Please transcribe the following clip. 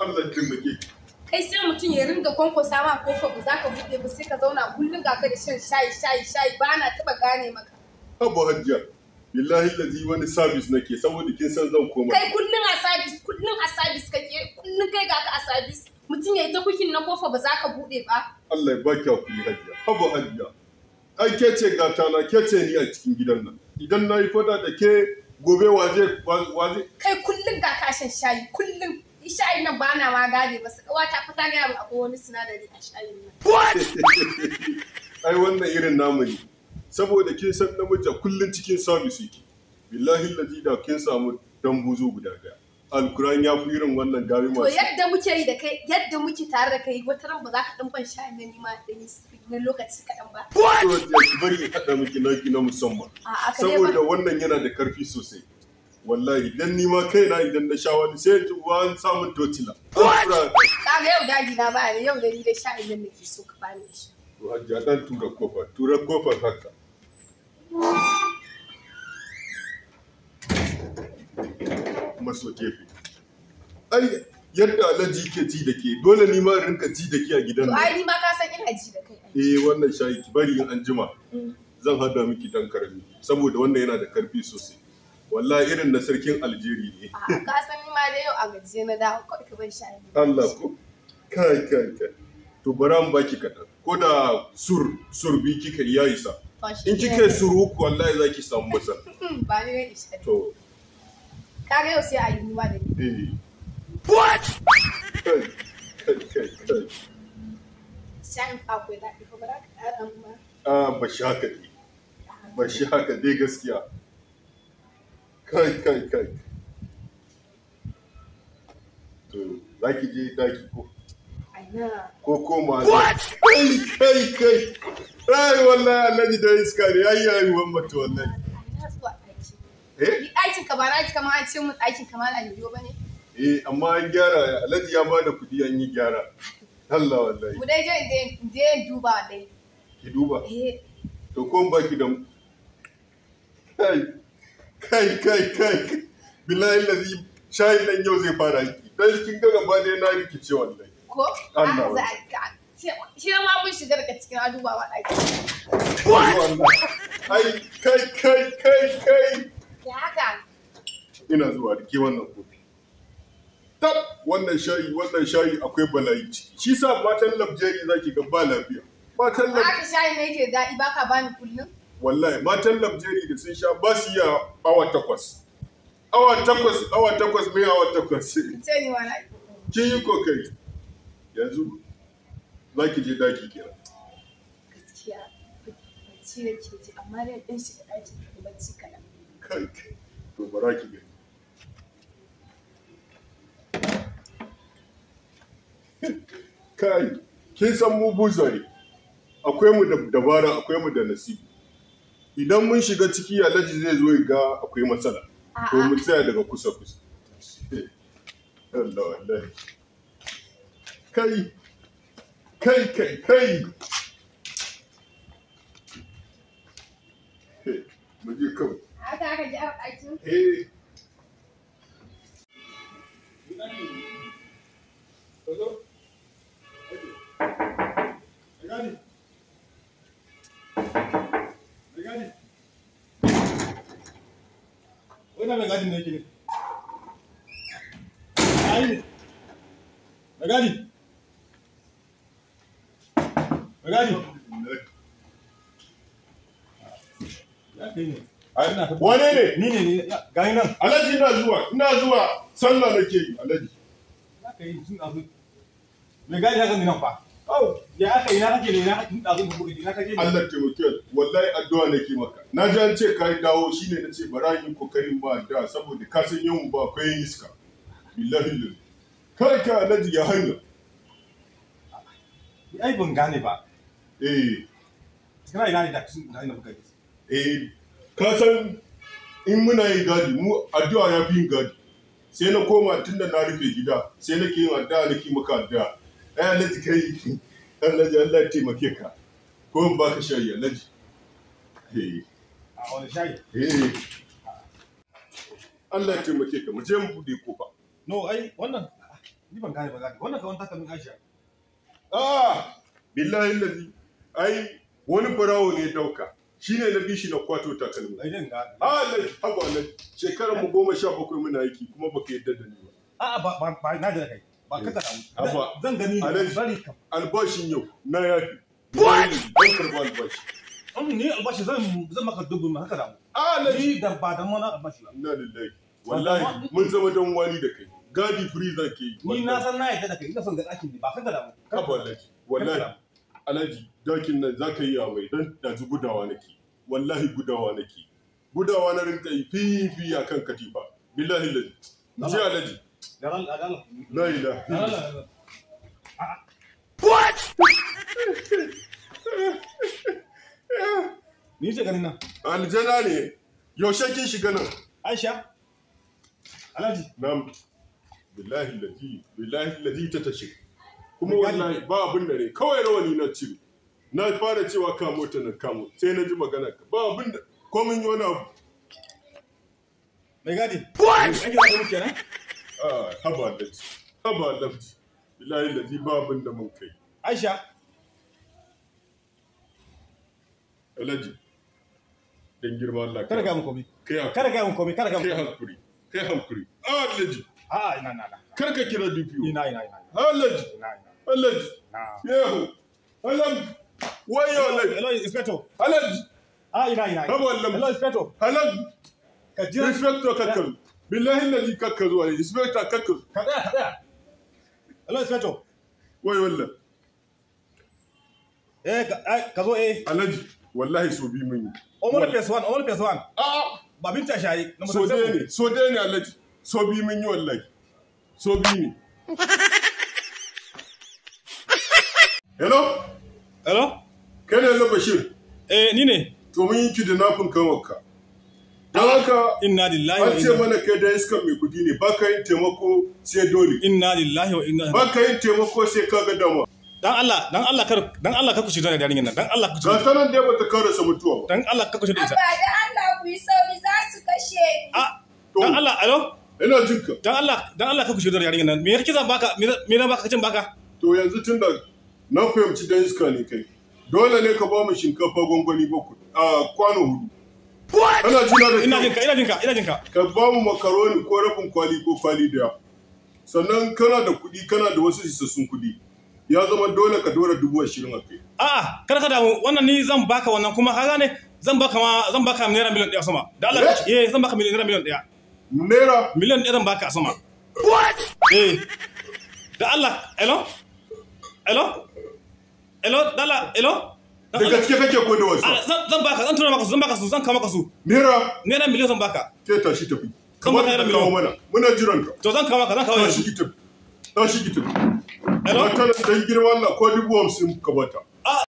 Allah taimake ki kai sai mutum ya ringa kwankwasa ma kofa ba za ka buɗe ba sai ka zauna kullum ga da shan shayi shayi shayi ba na taɓa gane maka. Abu Hajiya, billahi lazi wani sabis nake saboda kin san zan koma. Kai kullum a sabis, kullum a sabis kake, kullum kai ga ka a sabis. Mutum ya yi ta kukin na kofa ba za ka buɗe ba. Allah ya baki hakuri Hajiya. Abu hajjiya, ai ke ce gata na, ke ce ni a cikin gidan nan. Idan na yi fada da ke gobe waje waje. Kai kullum ga ka shan shayi, kullum. shayin nan ba na ma gane ba su kawata fa ta gaya mu akwai wani sinadari a shayin nan. What? Ai wannan irin namu ne. Saboda kin san namiji kullum cikin service yake. Billahi ladi da kin samu dan buzo guda daya. Alkuran ya fi irin wannan gari masu. To yadda muke yi da kai yadda muke tare da kai wata ran ba za ka dan ban shayin nan ma da ni na lokaci kaɗan ba. What? Bari ya haɗa miki naki na musamman. Saboda wannan yana da ƙarfi sosai. wallahi idan ni ma kaina idan na sha wani sai ji wani samun totila. Kaga yau daji na ba ni yau da ni da sha idan so ka shi. To hajji tura tura kofar haka. Ai yadda alaji ke ji da ke dole ni ma rinka ji da ke a gidan nan. ai ni ma ka san ina ji da kai. Eh wannan shayi ki bari in an jima. Mm. Zan hada miki dan karami saboda wannan yana da karfi sosai. wallahi irin na sarkin aljeri ne ka san ma da yau a gaji na da kawai ka bar ne. Allah ko kai kai kai to bara mu baki kaɗan ko da sur sur surbi kika ya isa in kika suru ku wallahi za ki samu masa hmm, ba ni ne isa to ka ga yau sai a yi ruwa da ni eh. what kai kai kai fa ko da ko bara ka amma a ba ah, shaka haka ne ba shi haka dai gaskiya kai kai kai to zaki je daki ko ko koma kai kai kai rai wallahi annabi da iska ne yayi yayi to wallahi ɗakin eh? ka ba na Eh, amma an gyara alhaji ya bada kudi an yi gyara. Allah wallahi. dai je duba dai. Ki duba? Eh. To ko ba ki kai kai kai billahi lazi shayin nan yau zai fara aiki dan kin ga gaba dai na rikice wallahi ko Allah za ka shi ma mun shiga daga cikin adubawa ɗaki ai kai kai kai kai da haka ina zuwa rike wannan kofi tab wannan shayi wannan shayi akwai bala'i ciki shi sa matan labjeri zaki ga ba lafiya matan labjeri haka shayi ne yake daɗi baka bani kullum wallahi matan labjeri da sun sha ba su iya awa takwas awa takwas awa takwas mai awa takwas kin yi kokari yanzu za ki je daki kira gaskiya bacci da ke ji amma da ɗan shiga kaɗan kai to bara ki gani kai kin san mu buzari akwai mu da dabara akwai mu da nasibi idan mun shiga ciki alhaji zai zo ga akwai matsala to mu tsaya daga kusa kusa Allah wallahi kai kai kai kai mu je kawai ta ka ji a bakin eh Hello? wane ne ni ne ne nan alhaji ina zuwa ina zuwa sallah nake yi alhaji gadi haka ne nan fa ya aka yi, na kake ne na kake da zuwa bugu ina kake Allah taimake wallahi addu'a nake maka na ji an ce ka yi dawo shine nace bara yi kokarin ba da saboda ka san yau ba kai iska billahi kai ka alaji ya hanya ai ban gane ba eh kana ina ne da ina ina buga eh ka san in muna yin gadi mu addu'a ya fi yin gadi sai na koma tunda na rufe gida sai nake yin addu'a nake maka addu'a ai alhaji kai alhaji Allah ya taimake ka ko in baka shayi alhaji eh a wani shayi eh. Allah ya taimake ka mu je mu bude kofa no ai wannan ni ban gane ba zaka wannan kawai takamin Aisha ah billahi alladhi ai wani farawo ne dauka shi ne na bishi na kwato takalmi a lai ah, haba lai shekarar mu goma sha bakwai muna aiki kuma baka yadda da ni ba a'a ba na da kai ba ka kana zan gani bari ka albashin yau na yafi what ban karba albashi an ne albashi zan zan maka dubu ma haka da a na ni da ba da mana albashi ba na lillahi wallahi mun zama dan wani da kai gadi free zan ke ni na san na yadda kai ina son ga dakin ne ba ka da mu ka wallahi wallahi alhaji dakin nan ka yi awai dan da gudawa nake wallahi gudawa nake gudawa na rinka yi fi a kan katifa billahi lazi ji alhaji La ilaha. Ni ne. Yaushe kin shiga nan? Aisha. Billahi ladi, billahi ladi ta tashi. Kuma wallahi ba abin da ne, kawai rawani na cire. Na fara cewa kamo ta na kamo, sai na ji magana ka. Ba abin da Mai gadi. What? a ah, haba lafti haba ba abin da mun kai aisha alhaji dan girma Allah kada ga mun komi kada ga mun komai kada ga mun kai hankuri kai hankuri ah, alhaji a ah, ina na kar ka kira DPO ina ina ina alhaji alhaji yehu alhaji wayo alhaji alhaji inspector alhaji a ina ina alhaji alhaji ka jira ka billahi lazi kakka zuwa ne inspector kakka ka tsaya Allah inspector wai eh, eh ka zo eh alaji wallahi so bi mun yi omar ps1 omar ps1 ah! a babin ta shayi na so dai ne so dai ne alaji so bi mun yi wallahi so bi ne hello hello ne bashir eh ni ne to mun yi kidnapping kan wakka don haka wa inna mana kai da iska dole inna wa inna taimako sai ka ga dama dan Allah dan Allah kar dan Allah kar ku shi nan dan Allah ku shi ba dan Allah kar ku shi da ita ba Allah sauri za su kashe a ah, dan Allah alo ina jinka dan dan Allah kar ku shi da yarin nan me zan baka na to yanzu tunda na fahimci dan iska ne kai dole ne ka ba mu shinkafa gwangwani bakwai a ah, kwano hudu Ana jina da ina jinka ina ina jinka. Ka ba mu makaroni ko rabin kwali ko kwali daya. Sannan kana da kuɗi kana da wasu isassun kuɗi. Ya zama dole ka dora dubu ashirin a kai. A'a kar ka damu wannan ni zan baka wannan kuma ka gane zan baka ma zan baka naira miliyan ɗaya sama. Da Allah ka eh? eh zan baka naira miliyan ɗaya. Naira? Miliyan ɗaya zan baka a sama. What? Eh. Da Allah, hello? Hello? Hello? Da Allah, hello? da gaske kake ko da wasa zan baka zan tura maka su zan baka su zan kawo su naira naira miliyan zan baka ke tashi tafi zan baka naira miliyan mana muna jiran ka to zan kama ka zan kawo tashi tafi tashi ki tafi hello ta da girman Allah ko dubu 50 ka bata